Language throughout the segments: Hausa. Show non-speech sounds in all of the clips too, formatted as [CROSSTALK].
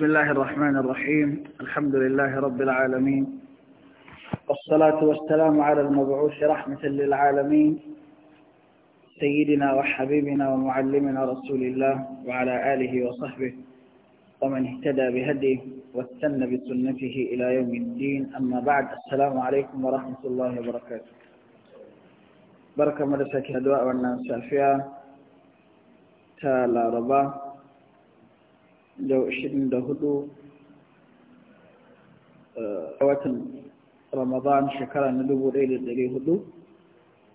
بسم الله الرحمن الرحيم الحمد لله رب العالمين والصلاة والسلام على المبعوث رحمة للعالمين سيدنا وحبيبنا ومعلمنا رسول الله وعلى آله وصحبه ومن اهتدى بهديه واستنى بسنته إلى يوم الدين أما بعد السلام عليكم ورحمة الله وبركاته بركة مدرسة هدواء والنسافية تالا رباه da shirin da hudu a watan ramadan shekara na dubu daya da dari hudu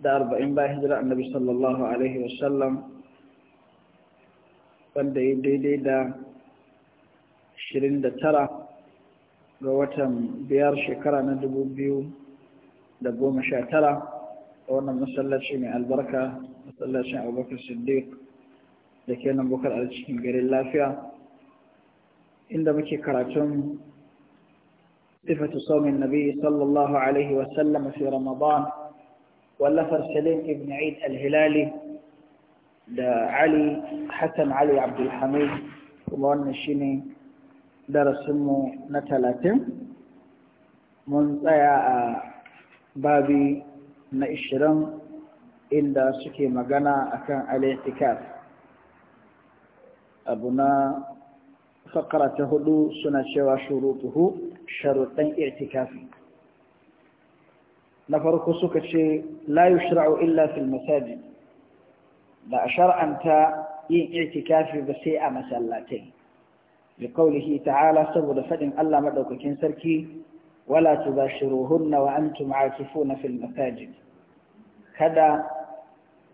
da arba'in bayan hijira annabi sallallahu alaihi wasallam wanda ya daidai da shirin da tara ga watan biyar shekara na dubu biyu da goma sha tara a wannan masallaci mai albarka masallacin abubakar siddiq da ke nan bukar a cikin garin lafiya inda muke karatun sifatu saumin nabi sallallahu alaihi wasallam fi ramadan wallafar salim ibn aid al-hilali da ali hassan ali abdulhamid kuma wannan shine darasinmu na talatin mun tsaya a babi na ishirin inda suke magana akan al abu na فقرته لو سنة شوى شروطه شرطين اعتكافي نفرق سكة لا يشرع إلا في المساجد لا شرع أنت اعتكاف بسيء مسلاتين لقوله تعالى سبب فدن ألا مدوك كنسركي ولا تباشروهن وأنتم عاكفون في المساجد هذا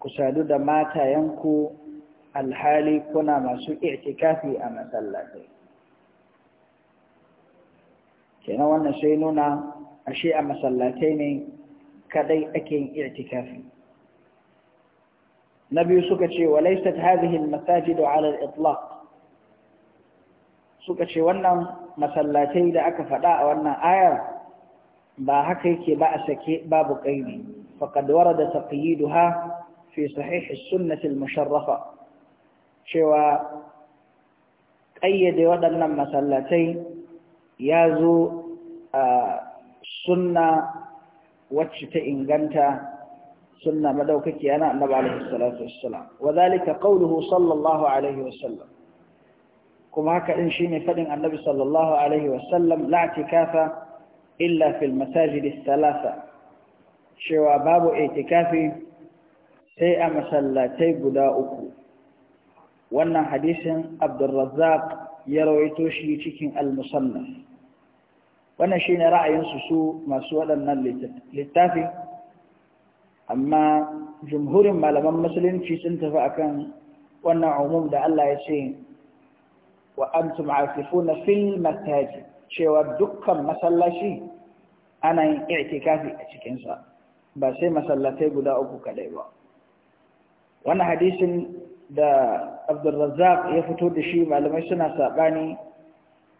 كسادود ماتا ينكو alhali kuna masu i'tikafi a masallatai kenan wannan sai nuna ashe a masallatai ne kadai ake yin i'tikafi na biyu suka ce wa laysat hadhihi al-masajid 'ala al-itlaq suka ce wannan masallatai da aka faɗa a wannan ayar ba haka yake ba a sake babu kaini faqad warada taqyiduha fi sahih as-sunnah al-musharrafa cewa ƙayyade waɗannan masallatai ya zo a sunna wacce ta inganta sunna madaukaki ana annabi alaihi salatu Wa wadhalika qawluhu sallallahu alaihi wasallam kuma haka din shine fadin annabi sallallahu alaihi wasallam la tikafa illa fil masajid thalatha cewa babu itikafi sai a masallatai guda uku wannan hadisin abdurrazzaq ya rawaito shi cikin al-musannaf wannan shine ra'ayinsu su masu waɗannan littafi amma jumhurin malaman musulunci sun tafi akan wannan umum da Allah ya ce wa antum aakifuna fil masajid cewa dukkan masallaci ana yin i'tikafi a cikinsa ba sai masallatai guda uku kadai ba wannan hadisin da abdulrazzaq ya fito da shi malamai suna saɓani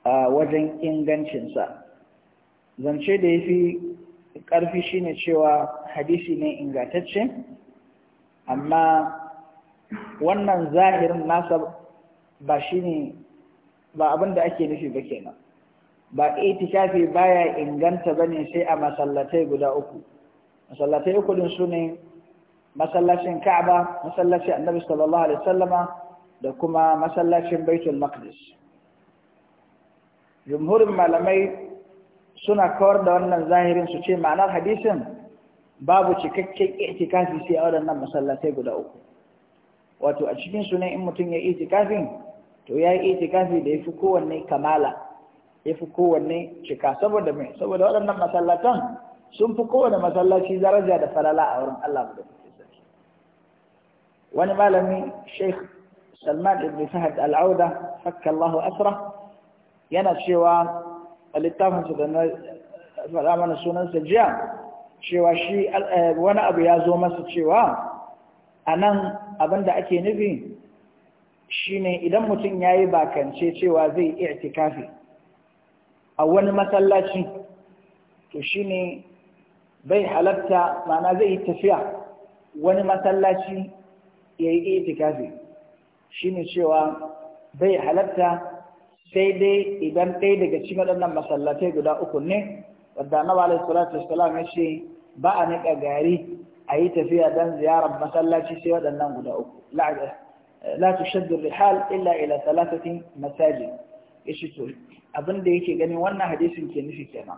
a wajen ingancinsa zance da ya fi ƙarfi shine cewa hadisi ne ingantaccen. amma wannan zahirin nasa ba shi ne ba abinda ake nufi ba kenan ba itikafi baya inganta ne sai a masallatai guda uku masallatai uku din su ne masallacin Ka'aba masallacin Annabi sallallahu alaihi wasallama da kuma masallacin Baitul Maqdis jumhurin malamai suna kawar da wannan zahirin su ce ma'anar hadisin babu cikakken itikafi sai a waɗannan masallatai guda uku wato a cikin su ne in mutum ya itikafi, to ya yi itikafi da ya fi kowanne kamala ya fi kowanne cika saboda mai saboda waɗannan masallatan sun fi kowanne masallaci daraja da falala a wurin Allah mu wani malami sheikh salman ibn fahad al'auda fakkallahu asra yana cewa a littafinsa da na faɗa sunansa jiya cewa shi eh, wani abu ya zo masa cewa a nan da ake nufi shine idan mutum ya yi bakance cewa zai i'tikafi a wani masallaci to shine bai halarta mana zai yi tafiya wani masallaci yayi itikafi shine cewa bai halatta sai dai idan ɗaya daga cikin waɗannan masallatai guda uku ne wadda annabi alaihi salatu wassalam ya ce ba a niƙa gari a yi tafiya don ziyarar masallaci sai waɗannan guda uku la eh, tushaddu rihal illa ila thalathati masajid yace to abin da yake ganin wannan hadisin ke nufi kenan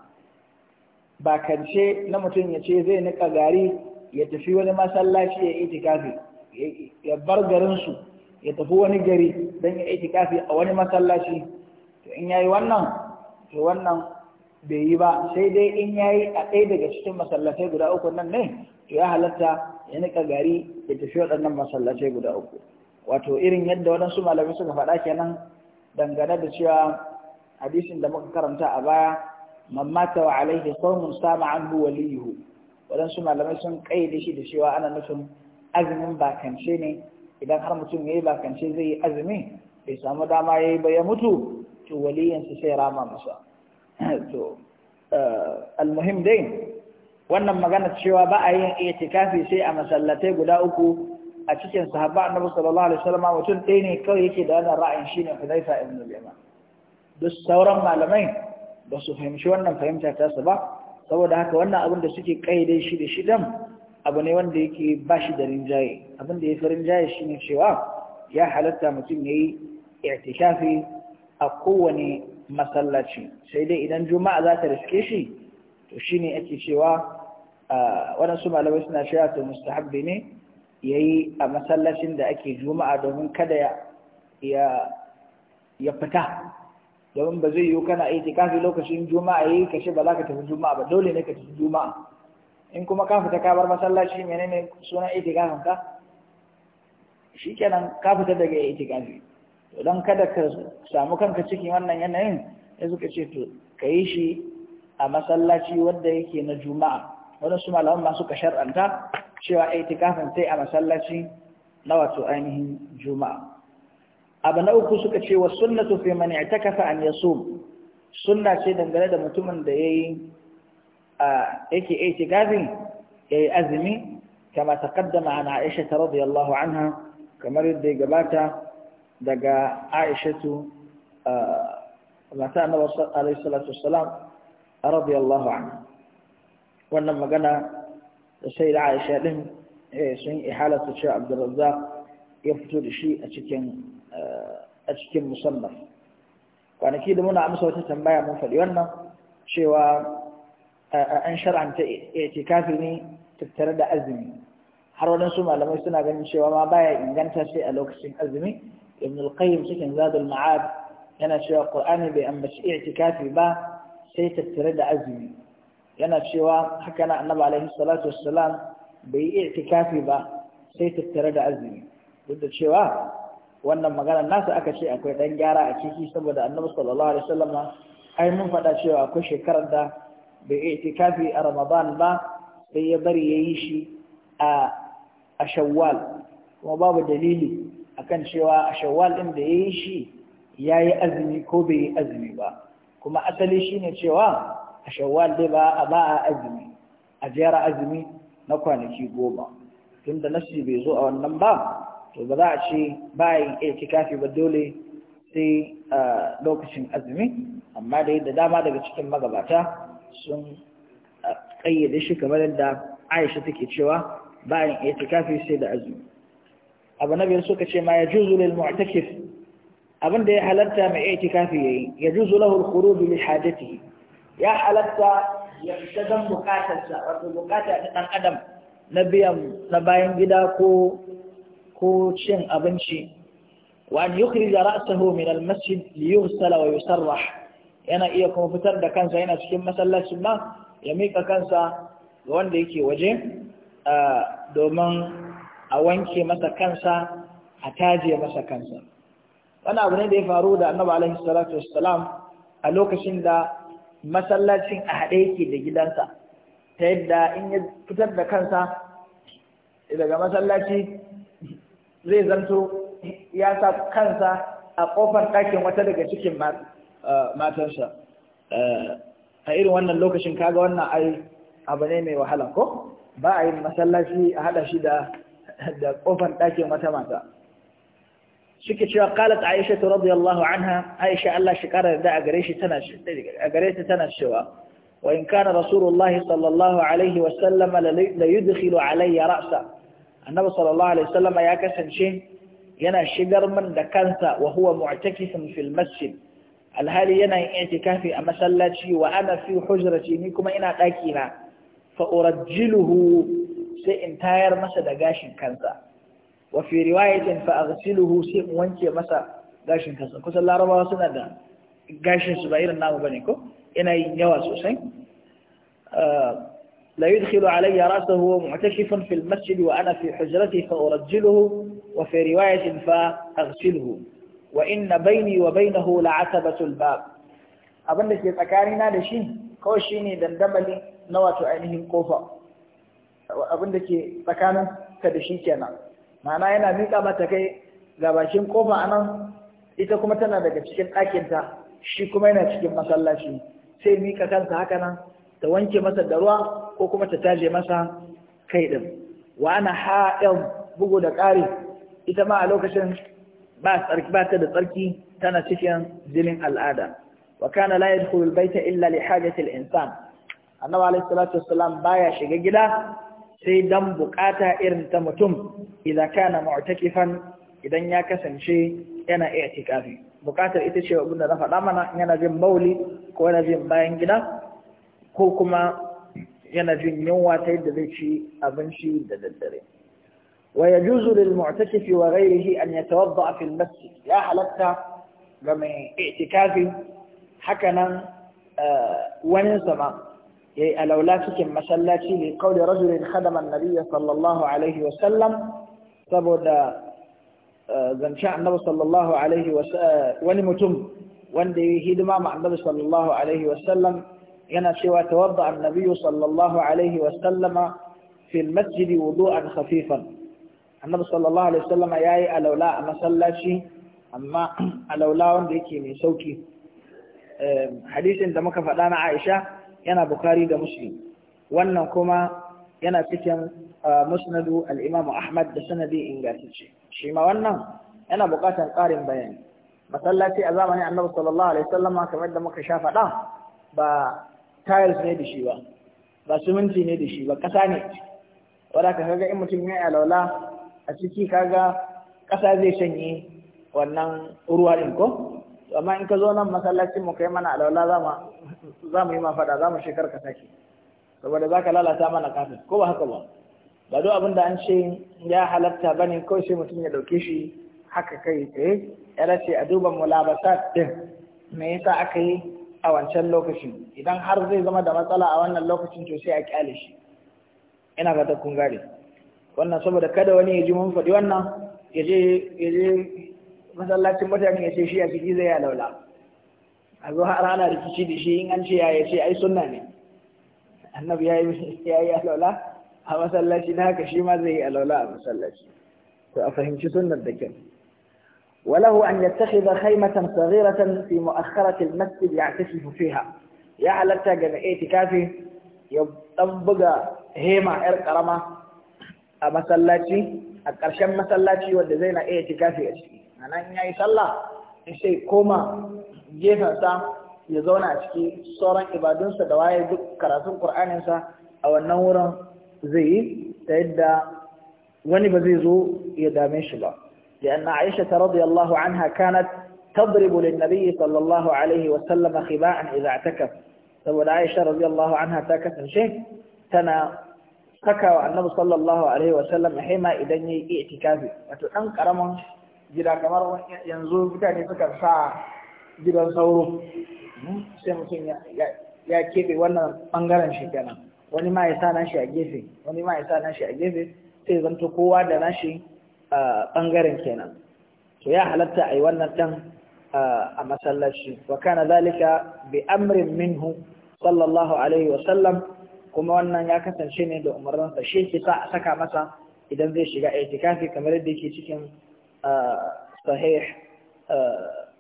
ba kance na mutum ya ce zai niƙa gari ya tafi wani masallaci ya itikafi ya bar garinsu ya tafi wani gari don ya aiki kafi a wani masallaci to in yayi wannan to wannan bai yi ba sai dai in yayi a ɗaya daga cikin masallatai guda uku nan ne to ya halatta ya nika gari ya tafi waɗannan masallacai guda uku wato irin yadda waɗansu malamai suka faɗa kenan dangane da cewa hadisin da muka karanta a baya man mata wa alaihi sawmun sama bu waliyuhu waɗansu malamai sun kayyade shi da cewa ana nufin azumin bakance ne idan har mutum ya yi bakance zai yi azumi bai samu dama ya yi ba ya mutu to waliyansa sai rama masa [CLEARS THROAT] to eh, almuhim dai wannan magana cewa ba a yin itikafi sai a masallatai guda uku a cikin sahabba annabi sallallahu alaihi wasallam mutum ɗaya ne kawai yake da wannan ra'ayin shine Hudayfa ibn Yaman duk sauran malamai ba su fahimci wannan fahimta ta su ba saboda haka wannan abin da suke kaida shi da shidan abu ne wanda yake ba shi da rinjaye abin da ya fi rinjaye shi ne cewa ya halatta mutum ya yi irtikafi a kowane masallaci sai dai idan juma'a za ta riske shi to shi ne ake cewa waɗansu malamai suna cewa to mustahabbi ne ya yi a masallacin da ake juma'a domin kada ya fita domin ba zai yiwu kana itikafi lokacin juma'a ya yi kashe ba za ka tafi juma'a ba dole ne ka tafi juma'a in kuma ka fita ka masallaci menene sunan itikafin ka shikenan ka fita daga itikafi to don kada ka samu kanka ciki wannan yanayin ya suka ce to kai shi a masallaci wanda yake na juma'a wannan su malaman masu suka shar'anta cewa itikafin sai a masallaci na wato ainihin juma'a abu na uku suka ce wa sunnatu fi man i'takafa an yasum sunna ce dangane da mutumin da yayi a itikafin yayi azumi kama taqaddama an Aisha radiyallahu anha kamar yadda ya gabata daga Aishatu mata Annabi alaihi salatu wassalam radiyallahu anha wannan magana da sai da Aisha din sun ihalatu cewa Abdul Razzaq ya fito da shi a cikin a cikin musannaf kwanaki da muna amsa wata tambaya mun faɗi cewa an shar'anta itikafi ne tattare da azumi har waɗansu malamai suna ganin cewa ma baya inganta sai a lokacin azumi ibn al-qayyim cikin zadul ma'ad yana cewa qur'ani bai ambaci i'tikafi ba sai tattare da azumi yana cewa haka na annabi alaihi salatu wassalam bai i'tikafi ba sai tattare da azumi duk da cewa wannan magana nasa aka ce akwai dan gyara a ciki saboda annabi sallallahu alaihi wasallama ai mun faɗa cewa akwai shekarar da bai itikafi a ramadan ba sai ya bari ya yi shi a shawwal kuma babu dalili akan cewa a shawwal ɗin da ya yi shi ya yi azumi ko bai yi azumi ba kuma asali shine cewa a shawwal dai ba a ba a azumi a jera azumi na kwanaki goma tun da nasi bai zo a wannan ba to ba za a ce bayan itikafi ba dole sai lokacin azumi amma dai da dama daga cikin magabata sun ƙayyade shi kamar yadda aisha take cewa bayan itikafi sai da azumi abu na biyar suka ce ma ya juzu lil mu'takif abin da ya halatta mai itikafi yayi ya juzu lahu al khuruj li hajatihi ya halatta ya fita dan sa wato bukata ta dan adam na biyan na bayan gida ko ko cin abinci wa an yukhrij ra'sahu min al masjid li yughsala wa yusarrah yana iya kuma fitar da kansa yana cikin masallacin ma ya mika kansa ga wanda yake waje domin a wanke masa kansa a taje masa kansa wani abu ne da ya faru da annabi alaihi salatu wassalam a lokacin da masallacin a haɗe yake da gidansa ta yadda in ya fitar da kansa daga masallaci zai zanto ya sa kansa a ƙofar ɗakin wata daga cikin masu Eh, matansa eh, a irin wannan lokacin kaga wannan ai abu ne mai wahala ko ba a yi masallaci a hada shi da da kofar ɗakin wata mata suke cewa qalat aisha radiyallahu anha aisha Allah shi kara da a gare shi tana a gare tana cewa wa in kana rasulullahi sallallahu alaihi wa la yudkhilu alayya ra'sa annabi sallallahu alaihi wa ya kasance yana shigar min da kansa wa huwa mu'takifun fil masjid alhali yana yin itikafi a masallaci wa ana fi hujrati ni kuma ina daki na fa urajjiluhu sai in tayar masa da gashin kansa wa fi riwayatin fa aghsiluhu sai in wanke masa gashin kansa kusan larabawa suna da gashin su ba irin namu bane ko ina yin yawa sosai la alayya wa لا يدخل masjid wa ana fi hujrati fa urajjiluhu wa fi riwayatin fa aghsiluhu wa inna baini wa bainahu la'atabatul bab da ke tsakanina da shi kawai shine dandamali na wato ainihin kofa ke tsakanin ka da shi kenan ma'ana yana mika mata kai ga bakin kofa anan ita kuma tana daga cikin ɗakin ta shi kuma yana cikin masallaci sai mika kansa haka nan ta wanke masa da ruwa ko kuma ta taje masa kai din wa ana ha'il bugu da ƙari ita ma a lokacin ba ta da tsarki tana cikin jinin al'ada wa kana la yadkhulu al-bayta illa li hajati al-insan annabi alayhi salatu wassalam baya shiga gida sai dan bukata irin ta mutum idan kana mu'takifan idan ya kasance yana i'tikafi bukatar ita ce abin da na faɗa mana yana jin bauli ko yana jin bayan gida ko kuma yana jin yunwa ta yadda zai ci abinci da daddare ويجوز للمعتكف وغيره أن يتوضا في المسجد لا حلقة لما اعتكافي حكنا يعني لو لا تكن مسلاتي لقول رجل خدم النبي صلى الله عليه وسلم تبدا آه، زنشاء النبي صلى الله عليه وسلم آه، ونمتم واندي هدما مع النبي صلى الله عليه وسلم ينا سوى توضع النبي صلى الله عليه وسلم في المسجد وضوءا خفيفا annabi sallallahu alaihi wasallam ya yi alaula a masallaci amma [CLEARS THROAT] alaula wanda yake mai sauki eh, hadisin da muka faɗa na aisha yana bukari da muslim wannan kuma yana cikin ah, musnadu al'imamu ahmad da sanadi ingantacce shi ma wannan yana buƙatar ƙarin bayani masallaci a zamanin annabi sallallahu alaihi wasallam kamar da muka sha faɗa ba tiles ne da shi ba ba siminti ne da shi ba ƙasa ne wadda ka kaga in mutum ya yi alaula a ciki kaga ƙasa zai shanye wannan ruwa din ko amma in ka zo nan masallaci mu kai mana alawala za mu yi ma faɗa za mu shekar ka sake saboda za ka lalata mana kafin ko ba haka ba ba duk abin da an ce ya halatta ba ne kawai sai mutum ya ɗauke shi haka kai tsaye ya race a duba mulabasat ɗin me yasa aka yi a wancan lokacin idan har zai zama da matsala a wannan lokacin to sai a kyale shi ina ta kun gare wannan saboda kada wani ya ji mun faɗi wannan ya je masallacin mutane ya ce shi a ciki zai ya laula a zo har ana rikici da shi in an ce ya ce ai sunna ne annabi ya yi ya laula a masallaci na haka shi ma zai yi a laula a masallaci to a fahimci sunnar da kyau وله أن يتخذ خيمة صغيرة في مؤخرة المسجد يعتكف فيها يعلى تاجر اعتكافه يطبق هيمة إرقرمة a masallaci a ƙarshen masallaci wanda zai na iya tikafi a ciki a nan ya yi sallah in sai koma gefensa ya zauna a ciki sauran ibadunsa da waye duk karatun ƙur'aninsa a wannan wurin zai yi ta yadda wani ba zai zo ya dame shi ba لأن عائشة رضي الله عنها كانت تضرب للنبي صلى الله عليه وسلم خباء إذا اعتكف saboda Aisha radiyallahu ta kasance tana saka wa annabi sallallahu alaihi wasallam hema idan yayi itikafi wato dan karaman gida kamar yanzu mutane suka sa gidan sauro hmm, sai mutum ya keɓe wannan bangaren shi kenan wani ma ya sa nashi a gefe wani ma ya sa nashi a gefe sai zanto kowa da nashi bangaren kenan to ya halatta a yi wannan dan a masallaci wa kana zalika bi amrin minhu sallallahu alaihi wasallam kuma wannan ya kasance ne da umarninsa shi ke sa a saka masa idan zai shiga itikafi kamar yadda yake cikin ah, sahih ah,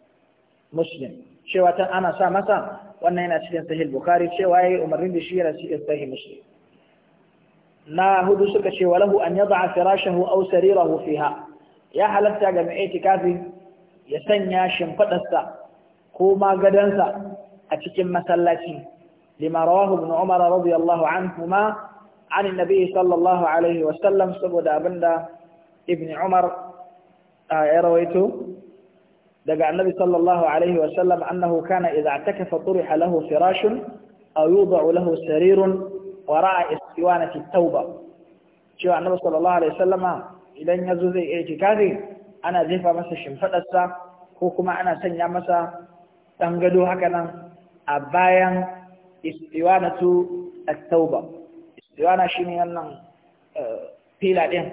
muslim cewa tan ana sa masa wannan yana cikin sahih bukhari cewa yayi umarnin da shi yana cikin sahih muslim na hudu suka ce walahu an yad'a firashahu aw sarirahu fiha ya halatta ga mai itikafi ya sanya shimfadarsa ko gadonsa a cikin masallaci lima rawahu ibn Umar radiyallahu anhuma an annabi sallallahu alaihi wasallam saboda abinda ibn Umar ya rawaito daga annabi sallallahu alaihi wasallam annahu kana idza takafa turiha lahu firashun aw yudau lahu sarirun wara'a istiwanati tauba cewa annabi sallallahu alaihi wasallama zai iya itikafi ana jefa masa shimfadarsa ko kuma ana sanya masa dan gado haka a bayan istiwanatu at-tauba istiwana shine wannan eh, fila din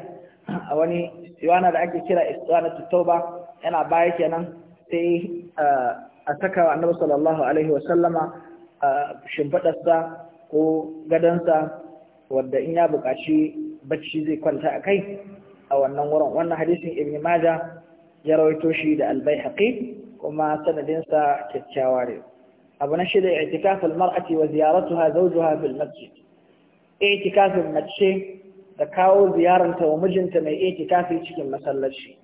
a wani istiwana da ake kira istiwanatu tauba yana baya kenan sai eh, a saka annabi sallallahu alaihi wa sallama eh, shimfadarsa ko gadansa wanda in ya buƙaci bacci zai kwanta a kai a wannan wurin wannan hadisin ibn majah ya rawaito shi da al-baihaqi kuma sanadinsa kyakkyawa ne أبو نشد اعتكاف المرأة وزيارتها زوجها في المسجد اعتكاف المسجد تكاو زيارة ومجنت من اعتكافي تشكي مسلشي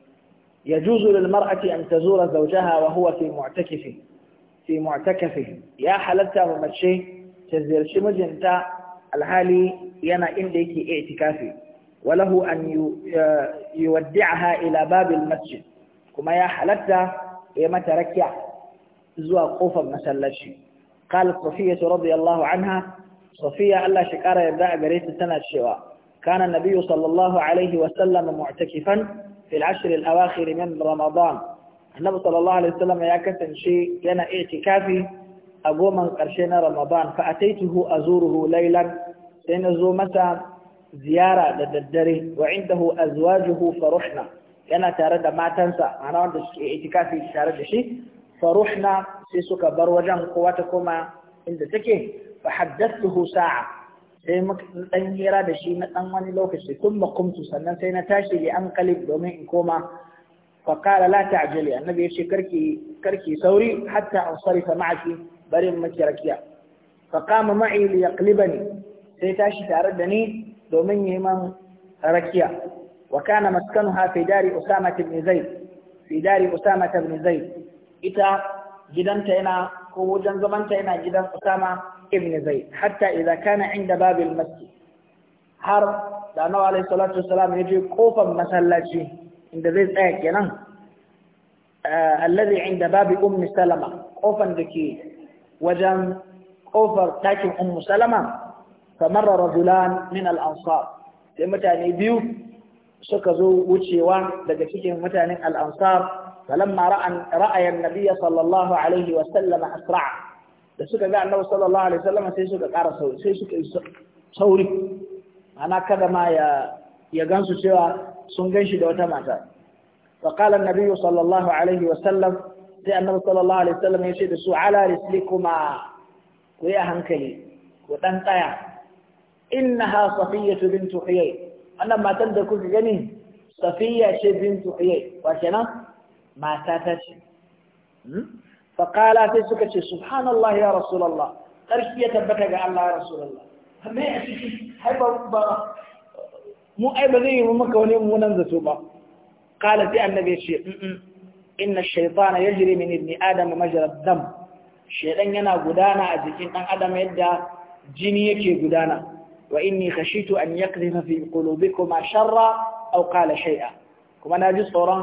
يجوز للمرأة أن تزور زوجها وهو في معتكفه في معتكفه يا حلتا ومجشي تزيرشي مجنتا الحالي ينا إنديك اعتكافي وله أن آه، يودعها إلى باب المسجد كما يا حلتا يما تركع zuwa kofar masallaci kala safiya su rabu yallahu an ha safiya allah shekara yadda a gare tana cewa kanan na biyu sallallahu alaihi wasallama mu'atakifan fil ashirin awakhir min ramadan annabi sallallahu alaihi wasallama ya kasance yana i'tikafi a goma karshe na ramadan fa ataituhu azuruhu laylan sai na zo masa ziyara da daddare wa indahu azwajuhu farahna yana tare da matansa ana wanda suke i'tikafi tare da shi na sai suka bar wajen kowa ta koma inda take fa haddathu sa'a sai muka dan hira da shi na dan wani lokaci tun kumtu sannan sai na tashi li an qalib domin in koma fa qala la ta'jali annabi karki karki sauri hatta ansarifa ma'aki bari in maki rakiya fa qama ma'i li yaqlibani sai tashi tare da ni domin yi man rakiya wa kana maskanuha fi dari usama ibn zaid fi dari usama ibn zaid ita gidanta yana ko wajen zamanta yana gidan Usama ibn Zaid hatta idza kana inda babil masjid har da Annabi alaihi salatu wassalam ya je kofar masallaci inda zai tsaya kenan eh, alladhi inda babi ummi salama kofar da ke wajen kofar takin ummi salama kamar rajulan min al-ansar sai mutane biyu suka zo wucewa daga cikin mutanen al-ansar فلما رأى, رأى النبي صلى الله عليه وسلم أسرع da suka ga annabi sallallahu alaihi wasallam sai suka ƙara sauri ana kada ma ya ya gansu cewa sun ganshi da wata mata fa qala an-nabiy sallallahu alaihi sai annabi sallallahu alaihi wasallam ya ce da su ala rislikuma ku yi hankali ku dan tsaya innaha safiyatu bintu matan da kuka gani safiya ce bintu wa ماتاتاتي فقالا في سكة سبحان الله يا رسول الله قرش بيتا بكا الله يا رسول الله ما اي اسكي هاي مو اي بذي ممكا ونيوم وننزتو با قال في النبي شيء إن الشيطان يجري من ابن آدم مجرى الدم شيطان ينا قدانا أزكين أن آدم يدى جنيك قدانا وإني خشيت أن يقذف في قلوبكما شرا أو قال شيئا كما ناجي صورا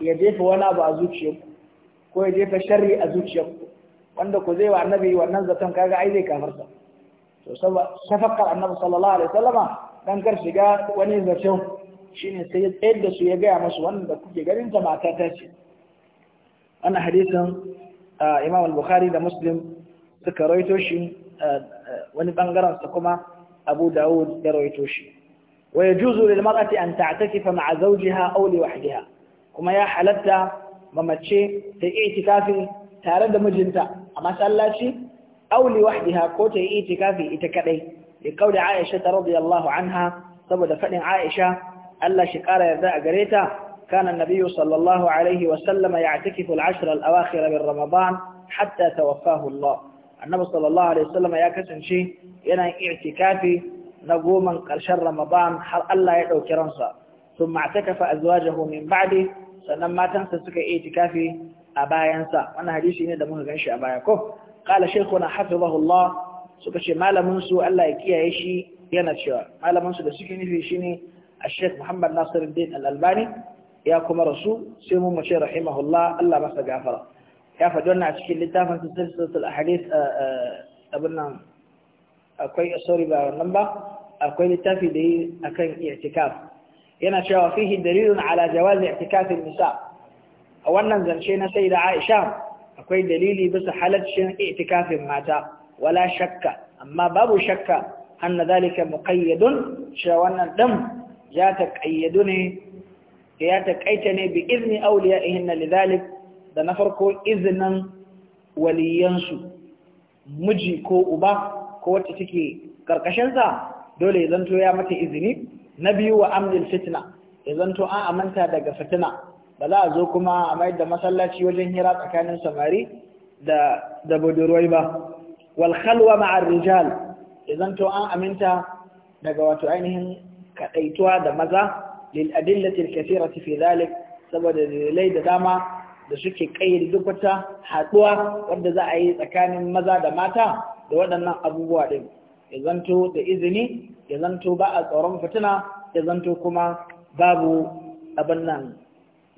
ya jefa wani abu a zuciyarku ko ya jefa sharri a zuciyarku wanda ku zai wa annabi wannan zaton kaga ai zai kafarta to safakar annabi sallallahu alaihi wasallama dan kar shiga wani zaton shine sai ya tsayar da su ya gaya masu wanda kuke ganin ta mata ta ce wannan hadisin Imam al-Bukhari da Muslim suka rawaito shi wani bangaren sa kuma Abu Dawud ya rawaito shi wa yajuzu lil mar'ati an ta'takifa ma'a zawjiha aw li wahdiha kuma ya halatta ba mace ta yi itikafi tare da mijinta a masallaci auli wahdiha ko ta yi itikafi ita kadai ya kauda Aisha ta radiyallahu anha saboda fadin Aisha Allah shi kara yarda a gareta. kanan kana nabiyyu sallallahu alaihi wa sallam ya'tikifu al-ashr al-awakhir min ramadan hatta tawaffahu Allah annabi sallallahu alaihi wa ya kasance yana yin itikafi na goma karshen ramadan har Allah ya dauki ransa ثم اعتكف أزواجه من بعده sannan matansa suka yi itikafi a bayansa wannan hadisi ne da muka ganshi a baya ko kala shaykhuna hafizahullah suka ce malamin su Allah ya kiyaye shi yana cewa malamin su da suke nufi shine Sheikh Muhammad Nasiruddin Al-Albani ya kuma rasu sai mu mace rahimahullah Allah masa gafara ya faɗi wannan a cikin littafin silsilatul ahadith abin nan akwai sorry ba wannan akwai littafi da yi akan i'tikaf yana cewa fihi dalilun ala jawaz i'tikaf an-nisa a wannan zance na sayyida Aisha akwai dalili bisa halaccin i'tikafin mata wala shakka amma babu shakka anna zalika muqayyadun cewa wannan din ya taqayyadu ne ya kaita ne bi izni awliyaihinna lidhalik da na farko iznin waliyansu miji ko uba ko wacce take karkashin sa dole ya zanto ya mata izini na biyu wa amnil fitna ya zanto an aminta daga fitina ba za a zo kuma a mayar da masallaci wajen hira tsakanin samari da da budurwai ba wal khalwa ma'ar rijal ya zanto an aminta daga wato ainihin kadaituwa da maza lil adillati al kathirati fi dhalik saboda dalilai da dama da suke kayyade duk wata haduwa wanda za a yi tsakanin maza da mata da waɗannan abubuwa din ya zanto da izini ya zanto ba a tsoron fitina ya zanto kuma babu abin nan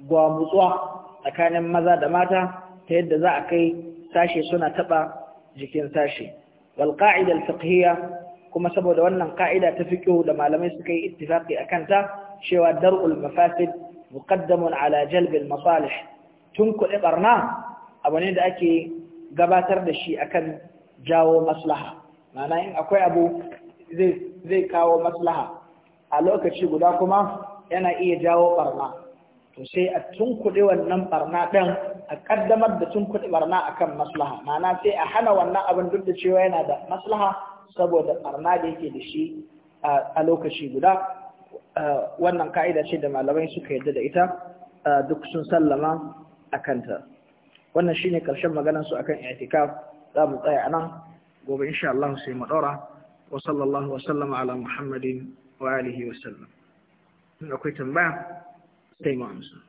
gwamutsuwa tsakanin maza da mata ta yadda za a kai sashe suna taɓa jikin sashe wal Fikhiya fiqhiyya kuma saboda wannan ka'ida ta fiqhu da malamai suka yi ittifaqi akan ta cewa dar'ul mafasid muqaddamun ala jalbil masalih tun kuɗi barna abu ne da ake gabatar da shi akan jawo maslaha ma'ana in akwai abu zai kawo maslaha a lokaci guda kuma yana iya jawo barna to sai a tunkuɗe wannan barna ɗin a ƙaddamar da tunkuɗe barna akan maslaha mana sai a hana wannan abin duk da cewa yana da maslaha saboda barna da yake da shi a lokaci guda wannan ka'ida ce da malamai suka yarda da ita duk sun sallama a kanta wannan shine ƙarshen maganar su akan i'tikaf za mu tsaya nan gobe insha Allah sai mu ɗora wa sallallahu wa sallama ala Muhammadin wa alihi wa sallam in akwai tambaya sai mu amsa